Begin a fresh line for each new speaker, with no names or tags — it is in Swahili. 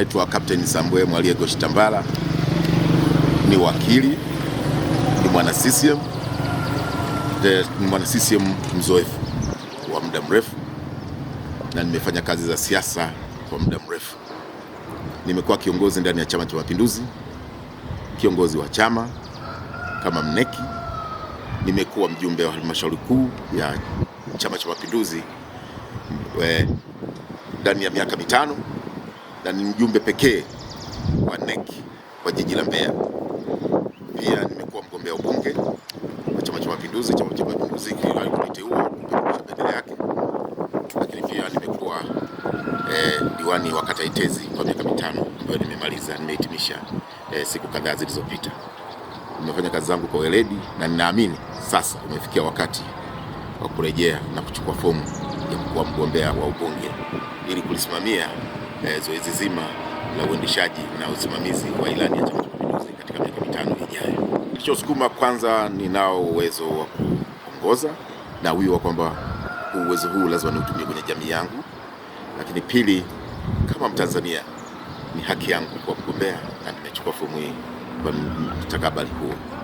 Naitwa Captain Sambwe Mwaliego Shitambala, ni wakili, ni mwana CCM, ni mwana CCM mzoefu wa muda mrefu, na nimefanya kazi za siasa kwa muda mrefu. Nimekuwa kiongozi ndani ya Chama cha Mapinduzi, kiongozi wa chama kama mneki, nimekuwa mjumbe wa halmashauri kuu ya Chama cha Mapinduzi eh, ndani ya miaka mitano na ni mjumbe pekee wa NEC kwa jiji la Mbeya. Pia nimekuwa mgombea ubunge wa Chama cha Mapinduzi, Chama cha Mapinduzi kiliteua bendera yake, lakini pia nimekuwa eh, diwani wa kata Itezi kwa miaka mitano ambayo nimemaliza, nimehitimisha eh, siku kadhaa zilizopita. Nimefanya kazi zangu kwa weledi na ninaamini sasa umefikia wakati wa kurejea na kuchukua fomu ya kuwa mgombea wa ubunge ili kulisimamia eh, zoezi zima la uendeshaji na usimamizi wa ilani ya Chama cha Mapinduzi katika miaka mitano ijayo. Kilichosukuma kwanza, ninao uwezo wa kuongoza na wiwa kwamba uwezo huu lazima niutumie kwenye jamii yangu, lakini pili, kama Mtanzania ni haki yangu kwa kugombea na nimechukua fomu hii kwa mtakabali huo.